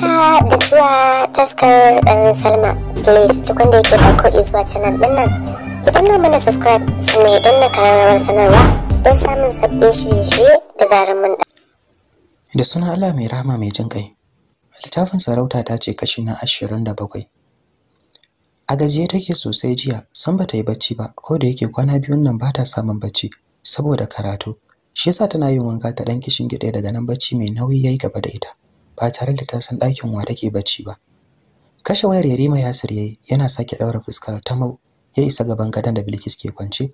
haka ah, da zuwa taskar ɗan um, salma please duk wanda yake farko izuwa canal ɗin nan ki danna mana subscribe sannan don na kararrawar sanarwa don samun sabbin shirye-shirye da zarar mun da suna Allah mai rahama mai jin kai littafin sarauta ta ce kashi na ashirin da bakwai a gajiye take sosai jiya san ta yi bacci ba ko da yake kwana biyun nan ba ta samun bacci saboda karatu shi yasa tana yin wanka ta ɗan kishin gida daga nan bacci mai nauyi yayi gaba da ita ba tare da ta san ɗakin wa take bacci ba kashe wayar Yarima Yasir yayi yana sake daura fuskar Tamau ya isa gaban gadon da Bilkis ke kwance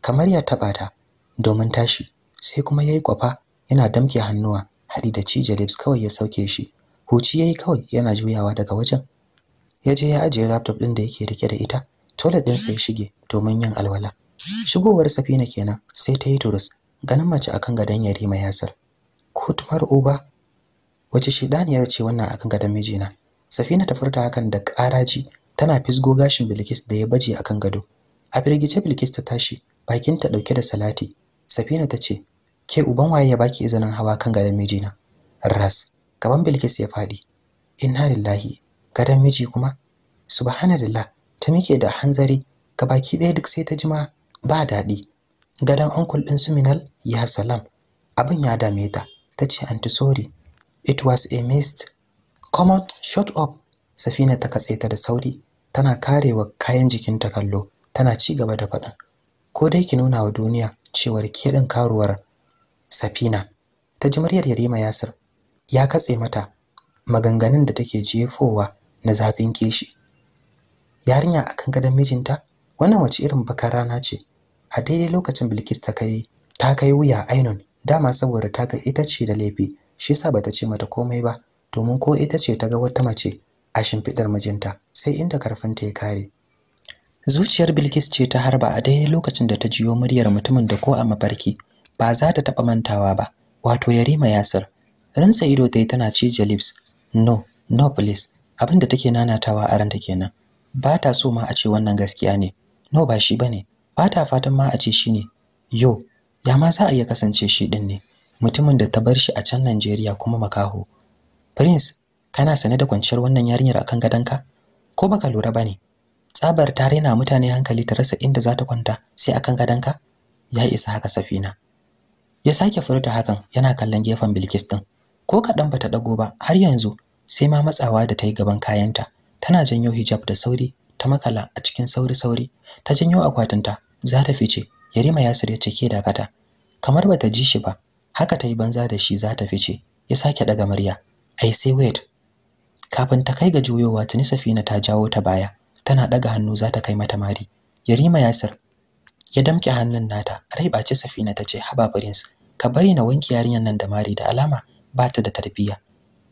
kamar ya taba ta domin tashi sai kuma yayi kwafa yana damke hannuwa hadi da cije lips kawai ya sauke shi huci yayi kawai yana juyawa daga wajen ya je ya ajiye laptop din da yake rike da ita toilet din sai shige domin yin alwala shigowar Safina kenan sai ta yi turus ganin mace akan gadon Yarima Yasir ko tumar uba wace shedaniyar ce wannan akan gadon mijina safina ta furta hakan da karaji tana fisgo gashin bilkis da ya baje akan gado a firgice bilkis ta tashi bakinta dauke da salati safina ta ce ke uban waye ya baki izinin hawa kan gadon mijina ras gaban bilkis ya fadi inna lillahi gadon miji kuma subhanallah ta mike da hanzari Ka baki ɗaya duk sai ta jima ba daɗi gadon onkul ɗin suminal ya salam abin ya dame ta ta ce anti sorry It was a mist. Come on, shut up. Safina ta katse ta da sauri, tana karewa kayan jikinta kallo, tana ci gaba da faɗin. Ko dai ki nuna wa duniya cewar ke din karuwar Safina. Ta ji muryar Yarima Yasir ya katse mata maganganun da take jefowa na zafin kishi. Yarinya akan gadon mijinta, wannan wace irin bakar rana ce. A daidai lokacin Bilkis ta kai ta kai wuya Ainun dama saboda ta ga ita ce da laifi shi yasa bata ce mata komai ba domin ko ita ce ta ga wata mace a shimfidar mijinta sai inda ta ya kare zuciyar Bilkis ce ta harba a daya lokacin da ta jiyo muryar mutumin da ko a mafarki ba za ta taba mantawa ba wato Yarima Yasir rinsa ido tayi tana ce lips no no please da take nanatawa a ranta kenan ba ta so ma a ce wannan gaskiya ne no ba shi bane ba ta fatan ma a ce shine yo ya ma za a iya kasance shi din ne mutumin da ta bar shi a can Najeriya kuma makaho prince kana sane da kwanciyar wannan yarinyar akan gadonka ko baka lura ba ne? tsabar ta rena mutane hankali ta rasa inda za ta kwanta sai akan gadonka ya isa haka safina ya sake furta hakan yana kallon gefen Bilkis din ko ba bata dago ba har yanzu sai ma matsawa da ta yi gaban kayanta tana janyo hijab da sauri ta makala a cikin sauri-sauri ta janyo akwatinta za ta fice yarima yasir ya cike dakata dakata. kamar bata ji shi ba haka ta yi banza da shi za ta fice ya sake daga murya ai sai wait kafin ta kai ga juyowa tuni safina ta jawo ta baya tana daga hannu za ta kai mata mari yarima yasir ya damke hannun nata rai bace safina ta ce haba prince ka bari na wanke yarinyar nan da mari da alama ba ta da tarbiyya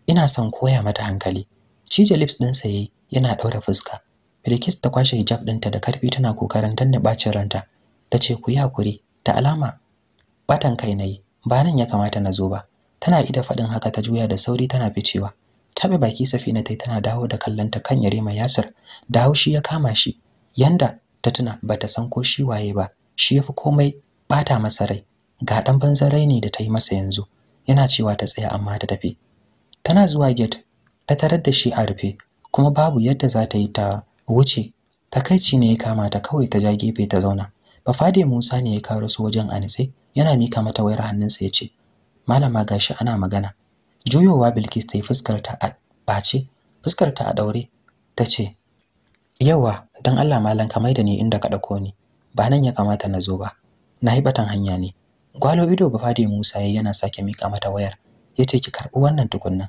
ina son koya mata hankali cije lips din sa yayi yana daura fuska Bilkis ta kwashe hijab ɗinta da karfi tana kokarin danne bacin ranta Ta ce ku yi hakuri da alama batan kai nayi ba nan ya kamata na zo ba tana ida faɗin haka ta juya da sauri tana ficewa tabe baki safina tai tana dawo da kallanta kan mai yasir da haushi ya kama shi yanda ta tuna bata san ko shi waye ba shi yafi komai bata masa rai ga dan banzan rai ne da ta yi masa yanzu yana cewa ta tsaya amma ta tafi tana zuwa gate ta tarar da shi a rufe kuma babu yadda za ta yi ta wuce takaici ne ya kama ta kawai ta ja gefe ta zauna Ba bafade Musa ne ya karo su wajen anitse yana mika mata wayar hannunsa ya ce malama gashi ana magana juyowa bilkis ta yi fuskar ta a bace fuskar ta a daure ta ce yawa don allah malam ka maida ni inda ka ɗauko ni ba nan ya kamata na zo ba na yi batan hanya ne gwalo ido ba fadi musa ya yana sake mika mata wayar ya ce ki karɓi wannan tukunna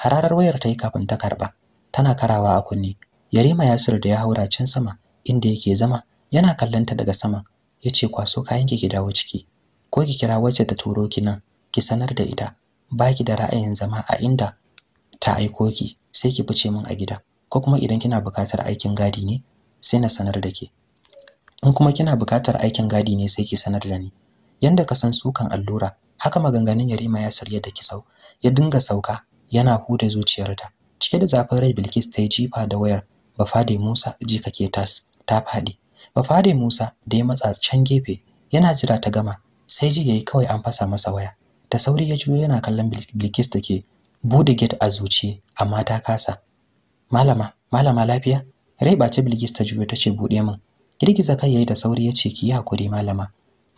hararar wayar ta yi kafin ta karɓa tana karawa a kunni yarima yasir da ya haura can sama inda yake zama yana kallanta daga sama ya ce kwaso kayan ki dawo ciki ko ki kira wacce ta turo ki nan ki sanar da ita baki da ra'ayin zama a inda ta aiko ki sai ki fice min a gida ko kuma idan kina buƙatar aikin gadi ne sai na sanar da ke in kuma kina buƙatar aikin gadi ne sai ki sanar da ni yanda ka san sukan allura haka maganganun Yarima ya sarya da kisau ya dinga sauka yana huda zuciyarta cike da zafin rai Bilkis ta yi jifa da wayar Bafade Musa jikake tas ta fadi Bafade Musa da ya matsa can gefe yana jira ta gama sai ji yayi kawai an fasa masa waya da sauri ya juyo yana kallon Bilkis da ke bude gate a zuci amma ta kasa malama malama lafiya rai ba ce Bilkis ta juyo tace bude min girgiza kai yayi da sauri ya ce ki hakuri malama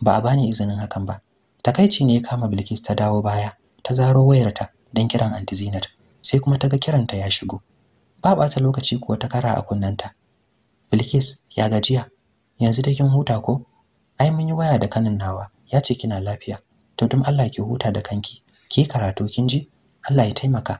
ba a bani izinin hakan ba takaici ne ya kama Bilkis ta dawo baya ta zaro wayarta dan kiran anti Zinat sai kuma ta ga ta ya shigo ba bata lokaci kuwa ta kara a kunnanta Bilkis ya gajiya yanzu da kin huta ko ai mun yi waya da kanin nawa ya ce kina lafiya to don Allah ki huta da kanki ki karatu kin ji Allah ya taimaka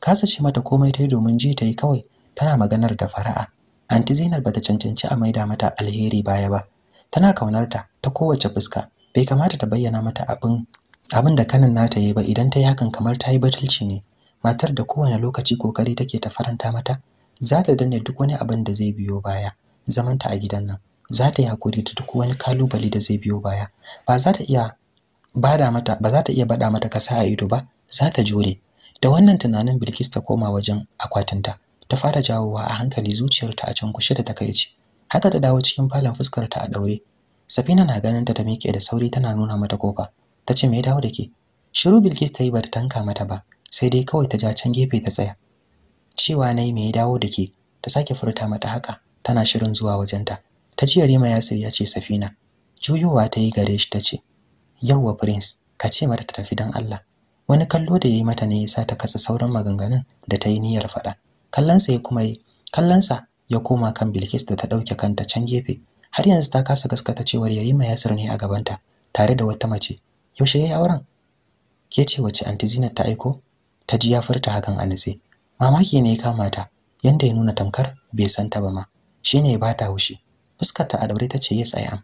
kasa ce mata komai ta domin ji ta kawai tana maganar da fara'a anti Zainal bata cancanci a maida mata alheri baya ba tana kaunar ta ta kowace fuska bai kamata ta bayyana mata abin abin da kanin nata yi ba idan ta yi hakan kamar ta yi batulci ne matar da kowane lokaci kokari take ta faranta mata za ta danne duk wani abin da zai biyo baya zamanta a gidan nan za ta yi hakuri da duk wani kalubale da zai biyo baya ba za ta iya bada mata ba za ta iya bada mata kasa a ido ba za ta jure da wannan tunanin Bilkis ta koma wajen akwatinta ta fara jawowa a hankali zuciyarta a can kushe da takaici haka ta dawo cikin falon fuskar ta a daure Safina na ganin ta ta miƙe da sauri tana nuna mata kofa ta ce me ya dawo da ke shiru Bilkis ta yi ba ta tanka mata ba sai dai kawai ta ja can gefe ta tsaya cewa nayi me ya dawo da ke ta sake furta mata haka tana shirin zuwa wajenta ta ce Rima Yasir ya ce Safina juyowa ta yi gare shi ta ce yawwa prince ka ce mata ta tafi don Allah wani kallo da ya yi mata ne ya sa ta katsa sauran maganganun da ta yi niyyar faɗa kallansa ya kuma yi kallansa ya koma kan Bilkis da ta ɗauke kanta can gefe har yanzu ta kasa gaskata cewar Yarima Yasir ne a gabanta tare da wata mace yaushe ya yi auren ke ce wace anti Zinat ta aiko ta ji ya furta hakan a nitse mamaki ne ya kama ta yanda ya nuna tamkar bai san ta ba ma Shi ya bata haushi Fuskarta a daure ta ce yes i am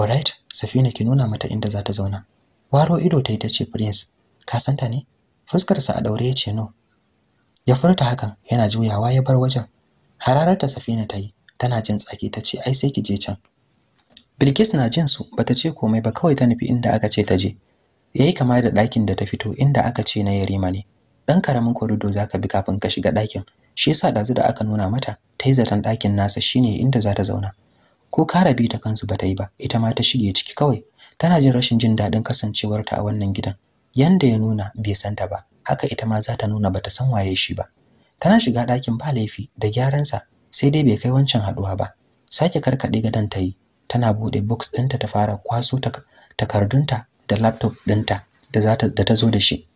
alright safina ki nuna mata inda za ta zauna waro ido ta yi ta ce prince ka santa ne fuskarsa a daure ya ce no ya furta hakan yana juyawa ya bar wajen hararar ta safina ta yi tana jin tsaki ta ce ai sai ki je can bilkis na jin su bata ce komai ba kawai ta nufi inda aka ce ta je yayi kama da ɗakin da ta fito inda aka ce na yarima ne dan karamin korido zaka bi kafin ka shiga ɗakin shi yasa dazu da aka nuna mata ta yi zaton ɗakin nasa shine inda za ta zauna ko karabi ta kansu ba ta yi ba ita ma ta shige ciki kawai tana jin rashin jin daɗin kasancewarta a wannan gidan yanda ya nuna bai san ta ba haka ita ma za ta nuna bata san waye shi ba tana shiga ɗakin ba laifi da gyaransa sai dai bai kai wancan haɗuwa ba sake karkaɗe gadon ta yi tana buɗe box ɗinta ta fara kwaso takardunta da laptop ɗinta da ta zo da shi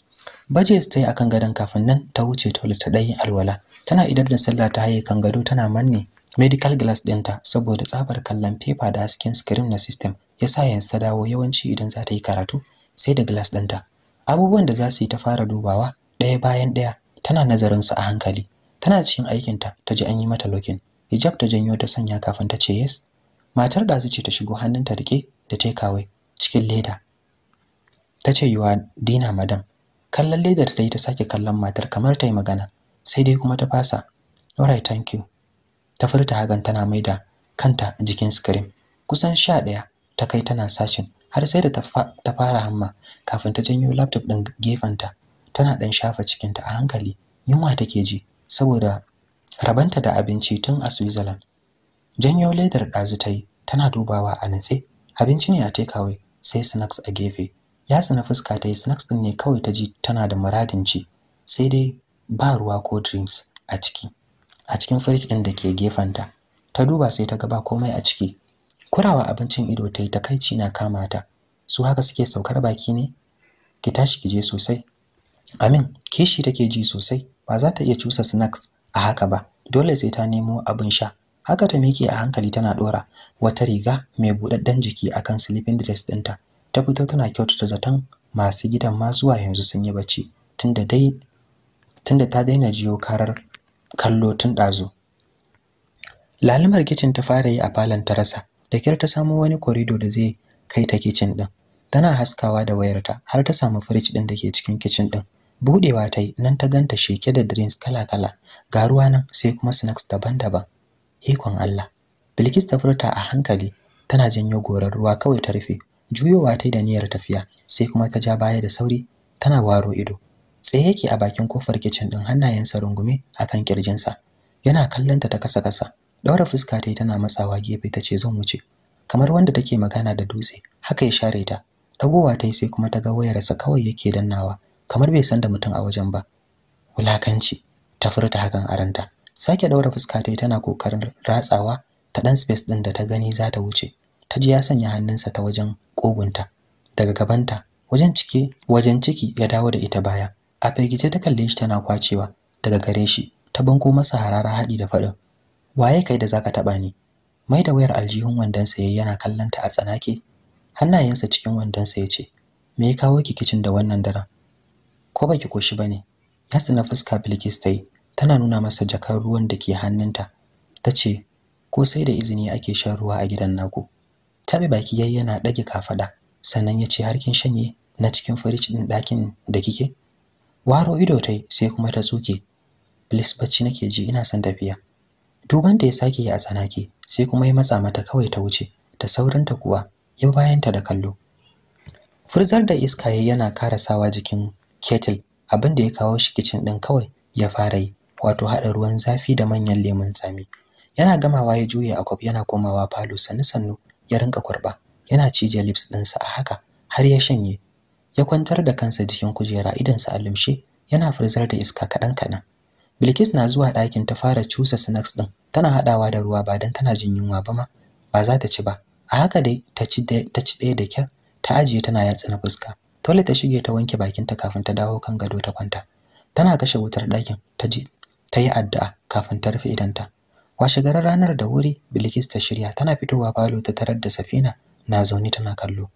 baje ta yi akan gadon kafin nan ta wuce toilet ta dai alwala tana idar da sallah ta haye kan gado tana manne medical glass ɗinta saboda tsabar kallon paper da hasken screen na system sa yanzu ta dawo yawanci idan za ta yi karatu sai da glass ɗinta abubuwan da za su yi ta fara dubawa ɗaya bayan ɗaya tana nazarin su a hankali tana cikin aikinta ta ji an yi mata lokin hijab ta janyo ta sanya kafin ta ce yes matar ɗazu ce ta shigo hannunta riƙe da takeaway cikin leda ta ce yiwa dina madam kallon ledar da ta sake kallon matar kamar ta yi magana sai dai kuma ta fasa alright thank you ta furta hagan tana mai da kanta jikin screen kusan sha ɗaya ta kai tana sashin har sai da ta fara hamma kafin ta janyo laptop ɗin gefenta tana ɗan shafa cikinta a hankali yunwa take ji saboda rabanta da abinci tun a Switzerland janyo ledar ɗazu ta yi tana dubawa a natse abinci ne a away sai snacks a gefe ya na fuska ta yi snacks din ne kawai ta ji tana da muradin ci sai dai ba ruwa ko drinks a ciki a cikin fridge din da ke gefenta ta duba sai ta ga ba komai a ciki kurawa abincin ido ta yi takaici na kama ta su haka suke saukar baki ne ki tashi ki je sosai amin kishi take ji sosai ba za ta iya cusa snacks a haka ba dole sai ta nemo abin sha haka ta miƙe a hankali tana dora wata riga mai buɗaɗɗen jiki akan sleeping dress ɗinta ta fito tana kyautata zaton masu gidan ma zuwa yanzu sun yi bacci tunda dai tunda ta daina jiyo karar kallo tun ɗazu lalimar kicin ta fara yi a falon ta rasa da kyar ta samo wani korido da zai kai ta kicin ɗin tana haskawa da wayarta har ta samu firij ɗin da ke cikin kicin ɗin budewa ta nan ta ganta sheke da drinks kala-kala ga ruwa nan sai kuma snacks daban-daban ikon Allah Bilkis ta furta a hankali tana janyo gorar ruwa kawai ta rufe juyowa ta da niyyar tafiya sai kuma ta ja baya da sauri tana waro ido tsaye yake a bakin kofar kicin din hannayensa rungume akan kirjinsa yana kallanta ta kasa kasa daura fuska ta tana matsawa gefe ta ce zan wuce kamar wanda take magana da dutse haka ya share ta dagowa ta sai kuma ta ga wayarsa kawai yake dannawa kamar bai san da mutum a wajen ba wulakanci ta furta hakan aranta sake daura fuska ta tana kokarin ratsawa ta dan space din da ta gani za ta wuce ta ji ya sanya hannunsa ta wajen kogunta daga gabanta wajen cike wajen ciki ya dawo da ita baya a firgice ta kalle shi tana kwacewa daga gare shi ta banko masa harara haɗi da faɗin waye kai da zaka taɓa ni mai da wayar aljihun wandonsa yayi yana kallanta a tsanake hannayensa cikin wandonsa ya ce me ya kawo ki kicin da wannan daren ko baki koshi bane ya tsina fuska Bilkis tai tana nuna masa jakar ruwan da ke hannunta tace ko sai da izini ake shan ruwa a gidan naku tabe baki yayi yana dage kafada sannan ya ce har kin shanye na cikin fridge din dakin da kike waro ido tai sai kuma ta tsuke please bacci nake ji ina son tafiya duban da ya sake yi a tsanake sai kuma ya matsa mata kawai ta wuce da saurinta kuwa ya bayanta da kallo furzar da iska yayi yana karasawa jikin kettle abin da ya kawo shi kicin din kawai ya fara yi wato haɗa ruwan zafi da manyan lemon tsami yana gamawa ya juya a kwaf yana komawa falo sannu sannu ya rinka kurba yana cije lips ɗinsa a haka har ya shanye ya kwantar da kansa jikin kujera idansa a lumshe yana furzar da iska kaɗan kaɗan bilkis na zuwa ɗakin ta fara cusa snacks ɗin tana haɗawa da ruwa ba don tana jin yunwa ba ma ba za ta ci ba a haka dai ta ci ɗaya da kyar ta ajiye tana yatsa na fuska Tole ta shige ta wanke bakinta kafin ta dawo kan gado ta kwanta. Tana kashe wutar ɗakin ta ji ta yi addu'a kafin ta rufe idanta. Washe garin ranar da wuri Bilkis ta shirya tana fitowa falo ta tarar da Safina na zaune tana kallo.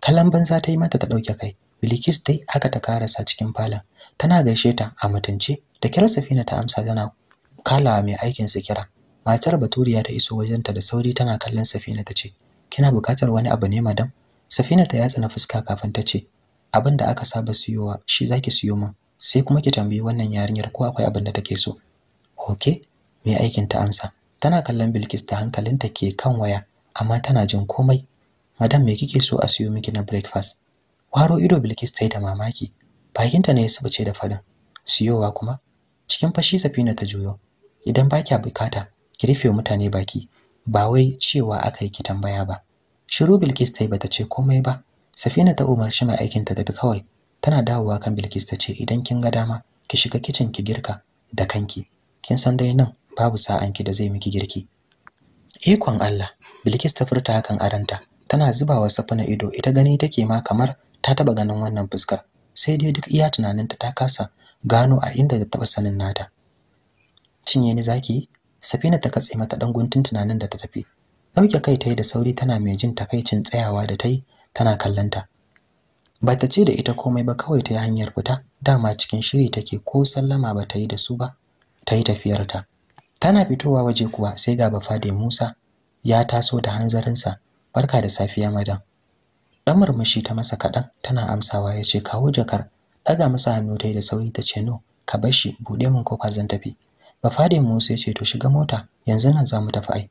Kallon banza ta yi mata ta ɗauke kai. Bilkis dai aka ta karasa cikin falon. Tana gaishe ta a mutunce da kyar Safina ta amsa tana kala mai aikin su kira. Matar Baturiya ta iso wajenta da sauri tana kallon Safina ta ce, "Kina buƙatar wani abu ne madam?" Safina ta yatsa na fuska kafin ta ce, "Abin da aka saba siyowa shi zaki siyo min." Sai kuma ki tambayi wannan yarinyar ko akwai abin da take so. Okay, mai aikin ta amsa tana kallon Bilkis ta hankalinta ke kan waya amma tana jin komai madam me kike so a siyo miki na breakfast waro ido Bilkis ta yi da mamaki bakinta ne ya ce da fadin siyowa kuma cikin fashi safina ta juyo idan ba kya bukata ki rufe mutane baki ba wai cewa aka yi ki tambaya ba shiru Bilkis ta yi bata ce komai ba safina ta umarci mai aikin ta tafi kawai tana dawowa kan Bilkis ta ce idan kin ga dama ki shiga kicin ki girka da kanki kin san dai nan babu sa'anki da zai miki girki ikon Allah Bilkis ta furta hakan aranta tana zubawa safana ido ita gani take ma kamar ta taba ganin wannan fuskar sai dai duk iya tunaninta ta kasa gano a inda ta taba sanin nata cinye ni zaki safina ta katse mata dan guntun tunanin da ta tafi dauke kai tayi da sauri tana mai jin takaicin tsayawa da tayi tana kallanta ba ta ce da ita komai ba kawai ta hanyar fita dama cikin shiri take ko sallama ba ta yi da su ba ta yi tafiyarta tana fitowa waje kuwa sai ga bafade Musa ya taso da hanzarinsa barka da safiya madam dan murmushi ta masa kadan tana amsawa yace kawo jakar daga masa hannu tai da sauri tace no ka bar shi bude min kofa zan tafi bafade Musa yace to shiga mota yanzu nan zamu tafi ai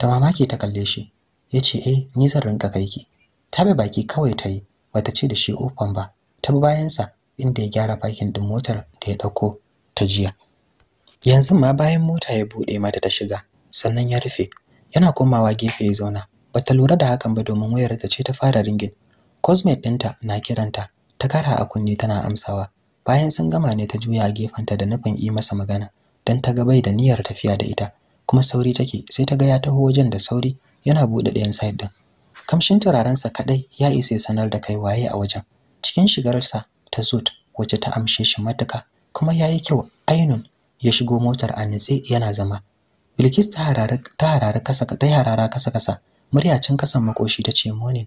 ta mamaki ta kalle shi yace eh ni zan rinka kai ki bi baki kawai tai bata ce da shi ofan ba ta bayansa inda ya gyara fakin din motar da ya dauko ta jiya yanzu ma bayan mota ya buɗe mata ta shiga sannan ya rufe yana komawa gefe ya zauna bata lura da hakan ba domin wayar ta ce ta fara ringin cosmet ɗinta na kiranta ta kara a kunne tana amsawa bayan sun gama ne ta juya a gefenta da nufin yi masa magana don ta ga bai da niyyar tafiya da ita kuma sauri take sai ta ga ya taho wajen da sauri yana buɗe ɗayan side din kamshin sa kaɗai ya isa sanar da kai waye a wajen cikin shigar sa ta suit wacce ta amshe shi matuka kuma yayi kyau ainun ya shigo motar a nitse yana zama Bilkis ta harara kasa ta harara kasa kasa murya cin kasan makoshi ta ce morning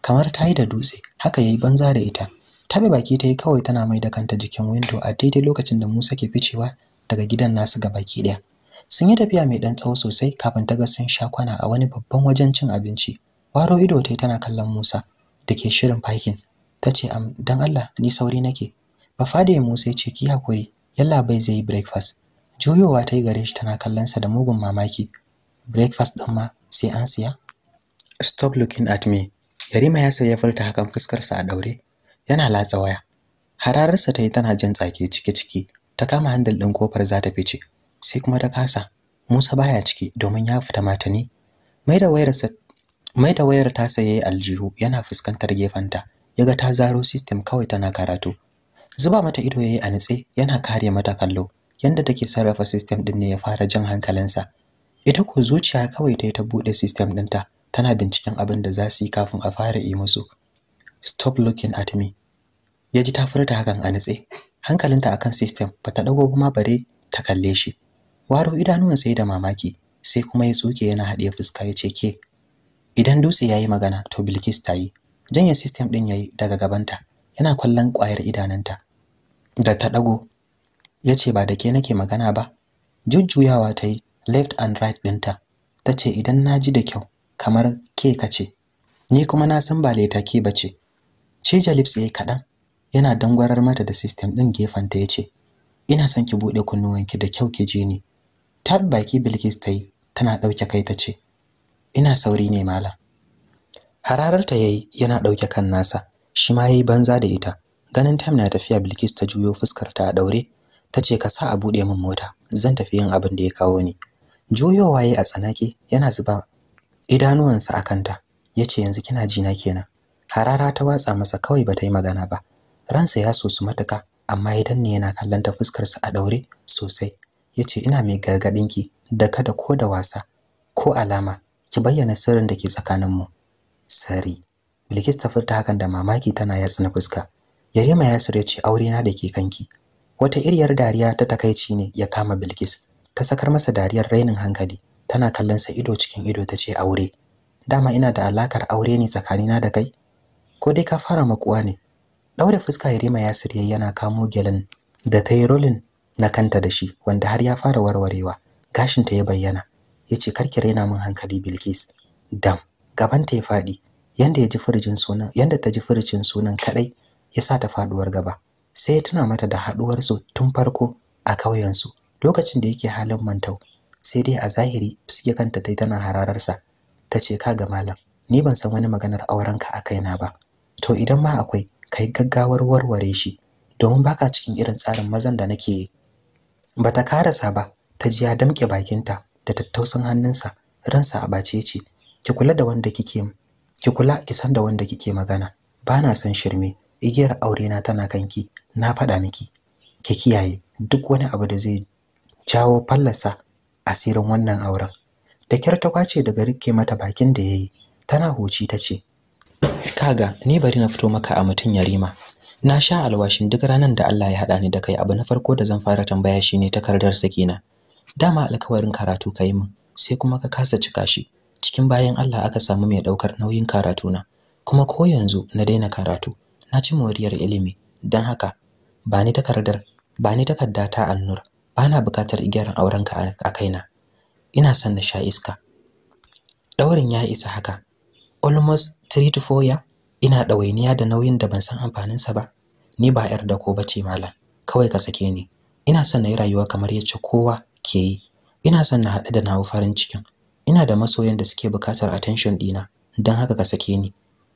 kamar ta yi da dutse haka yayi banza da ita tabe baki ta yi kawai tana mai da kanta jikin window a daidai lokacin da Musa ke ficewa daga gidan nasu ga baki daya sun yi tafiya mai dan tsawo sosai kafin ta ga sun sha kwana a wani babban wajen cin abinci waro ido ta tana kallon Musa da ke shirin parking ta ce am dan Allah ni sauri nake ba fada Musa ya ce ki hakuri yalla bai zai yi breakfast juyowa ta yi gare shi tana kallon sa da mugun mamaki breakfast din ma sai an siya stop looking at me yarima ya sai ya furta hakan fuskar sa a daure yana latsa waya Harararsa ta yi tana jin tsake ciki ciki ta kama handle din kofar za ta fice sai kuma ta kasa Musa baya ciki domin ya fita matani mai da wayar sa mai da wayar ta saye aljihu yana fuskantar gefanta yaga ta zaro system kawai tana karatu zuba mata ido yayi a nitse yana kare mata kallo yanda take sarrafa system din ne ya fara jin hankalinsa ita ko zuciya kawai ta yi ta bude system ɗinta tana binciken abin da za su yi kafin a fara yi musu stop looking at me ya ji ta furta hakan a nitse hankalinta akan system bata dago kuma bare ta kalle shi waro idanuwan sai da mamaki sai kuma ya tsuke yana haɗe fuska ya ce ke idan dutse ya yi magana to bilkis ta yi janye system ɗin ya yi daga gabanta yana kwallon ƙwayar idananta da ta ɗago ya ce ba da ke nake magana ba jujjuyawa ta yi left and right ɗinta ta ce idan na ji da kyau kamar ke ka ce ni kuma na san ba leta ke ba ce cija lips ya yi kaɗan yana dangwarar mata da system ɗin gefenta ya ce ina son ki buɗe kunnuwanki da kyau ki ji ni tab baki bilkis ta yi tana ɗauke kai ta ce ina sauri ne mala hararar ya yi yana ɗauke kan nasa shi ma ya yi banza da ita ganin tam na tafiya Bilkis ta juyo fuskar ta a daure ta ce ka sa a bude min mota zan tafi yin abin da ya kawo ni juyowa yayi a tsanake yana zuba idanuwansa a kanta yace yanzu kina ji na kenan harara ta watsa masa kawai ta yi magana ba ransa ya su matuka amma idan ne yana kallon ta fuskar sa a daure sosai yace ina mai gargadin ki da kada ko da wasa ko alama ki bayyana sirrin da ke tsakanin mu sari Bilkis ta furta hakan da mamaki tana yatsa na fuska Yarima Yasir ya ce aure na da ke kanki. Wata iriyar dariya ta takaici ne ya kama Bilkis. Ta sakar masa dariyar rainin hankali, tana kallon sa ido cikin ido ta ce aure. Dama ina da alakar aure ne tsakanina da kai? Ko dai ka fara makuwa ne? Daure fuska Yarima Yasir sire yana kamo gelin da ta yi rolin na kanta da shi wanda har ya fara warwarewa. Gashinta ya bayyana. Ya ce karki raina min hankali Bilkis. Dam, gabanta ya faɗi. Yanda ta ji furjin sunan kaɗai. ya sa ta faduwar gaba sai ya tuna mata da su tun farko a ƙauyensu lokacin da yake halin mantau sai dai a zahiri suke kanta tai tana hararsa ta ce ga malam ni ban san wani maganar auren ka a na ba to idan ma akwai kai gaggawar warware shi domin baka cikin irin tsarin mazan da nake bata karasa ba ta ji ya damke bakinta da tattausan hannunsa ransa a bace ce ki kula da wanda kike ki kula ki san da wanda kike magana bana son shirme igiyar aurena tana kanki na faɗa miki ki kiyaye duk wani abu da zai jawo fallasa asirin wannan auren da kyar ta kwace daga rike mata bakin da yayi tana huci ta ce kaga ni bari na fito maka a mutum yarima na sha alwashin duk ranar da Allah ya haɗa ni da kai abu na farko da zan fara tambaya shine takardar sakina dama alkawarin karatu kai min sai kuma ka kasa cika shi cikin bayan Allah aka samu mai ɗaukar nauyin karatuna kuma ko yanzu na daina karatu na ci moriyar ilimi don haka ba ni takardar ba ni takarda ta annur ba na bukatar igiyar aurenka a kaina ina son na sha iska Ɗaurin ya isa haka almost 3 to 4 ya ina ɗawainiya da nauyin da ban san amfaninsa ba ni ba yar da ko bace malam kawai ka sake ni ina son na yi rayuwa kamar yacce kowa ke yi ina son na haɗu da nawo farin cikin ina da masoyan da suke bukatar attention ɗina don haka ka sake ni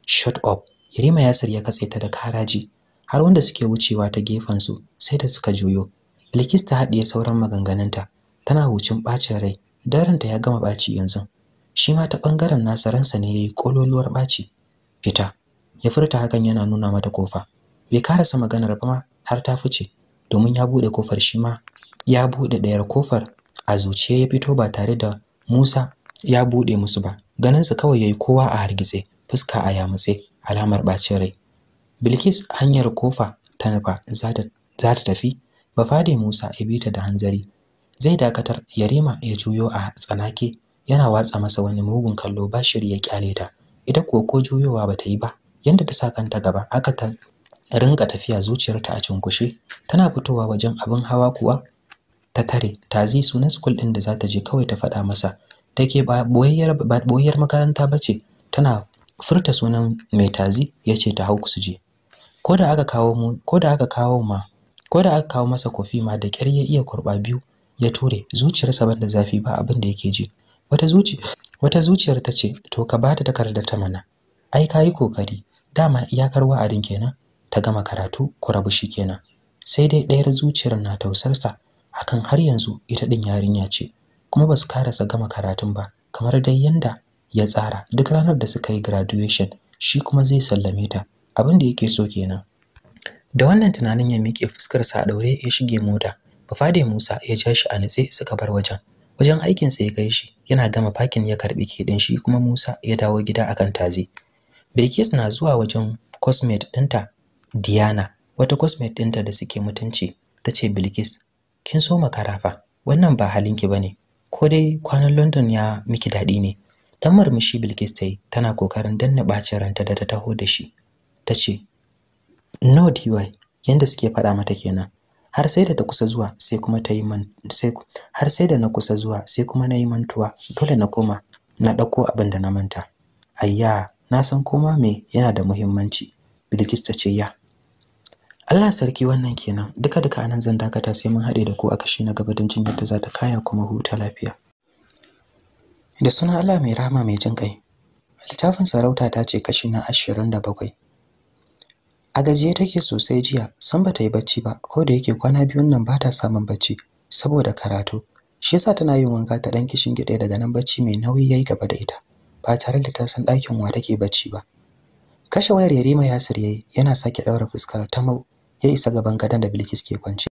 shut up Yarima ya sarya katse ta da karaji har wanda suke wucewa ta gefen su sai da suka juyo. Likita ta haɗiye sauran maganganunta tana hucin ɓacin rai ta ya gama ɓaci yanzu. Shi ma ta ɓangaren nasa ransa ne ya yi baci. ɓaci. Fita ya furta hakan yana nuna mata kofa. Bai karasa maganar ba ma har ta fice domin ya bude kofar shi ma ya bude ɗayar kofar a zuciya ya fito ba tare da Musa ya bude musu ba. Ganinsu kawai yayi kowa a hargitse fuska a yamutse alamar ɓacin rai bilkis hanyar kofa ta nufa za ta tafi bafade musa ya bi ta da hanzari zai dakatar yarima ya juyo a tsanake yana watsa masa wani mugun kallo ba shiri ya kyale ta ita kuwa ko juyowa ba ta yi ba yadda ta sa kanta gaba haka ta rinka tafiya zuciyarta a cunkushe tana fitowa wajen abin hawa kuwa ta tare ta tazi sunan school din da za ta je kawai ta faɗa masa take ba boyayyar makaranta bace tana furta sunan mai tazi ya ce ta hau su je ko da aka kawo ma ko da aka kawo masa kofi ma da ƙyar ya iya kurɓa biyu ya ture zuciyarsa banda zafi ba abin da yake ji wata zuci wata zuciyar ta ce to ka bata takardar ta mana ai yi kokari dama iyakar wa'adin kenan ta gama karatu ku rabu shi kenan sai dai ɗayar zuciyar na tausarsa hakan har yanzu ita ɗin yarinya ce kuma basu karasa gama karatun ba kamar dai yanda ya tsara duk ranar da suka yi graduation shi kuma zai sallame ta abin da yake so kenan da wannan tunanin ya miƙe fuskarsa a ɗaure ya shige mota bafade musa ya ja shi a nutse suka bar wajen wajen aikinsa ya kai shi yana gama fakin ya karɓi keɗin shi kuma musa ya dawo gida akan tazi bilkis na zuwa wajen cosmate ɗinta diana wata cosmate ɗinta da suke mutunci ta ce bilkis kin so makarafa wannan ba halinki ba ne ko dai kwanan london ya miki daɗi ne dan murmushi Bilkis ta yi tana kokarin danna bacin ranta da ta taho da shi ta ce no DY yanda suke faɗa mata kenan har sai da ta kusa zuwa sai kuma ta yi man sai har sai da na kusa zuwa sai kuma na yi mantuwa dole na koma na ɗauko abin da na manta ayya na san koma me yana da muhimmanci Bilkis ta ce ya Allah sarki wannan kenan duka duka anan zan dakata sai mun haɗe da ku a kashi na gaba don jin yadda za ta kaya kuma huta lafiya da suna Allah mai rahama mai jin kai littafin sarauta ta ce kashi na ashirin da bakwai a gajiye take sosai jiya san ta yi bacci ba ko da yake kwana biyun nan ba ta samun bacci saboda karatu shi yasa tana yin wanka ta ɗan kishin gida daga nan bacci mai nauyi ya yi gaba da ita ba tare da ta san ɗakin wa take bacci ba kashe wayar Yarima Yasir yayi yana sake ɗaura fuskar ta mau ya isa gaban gadon da Bilkis ke kwance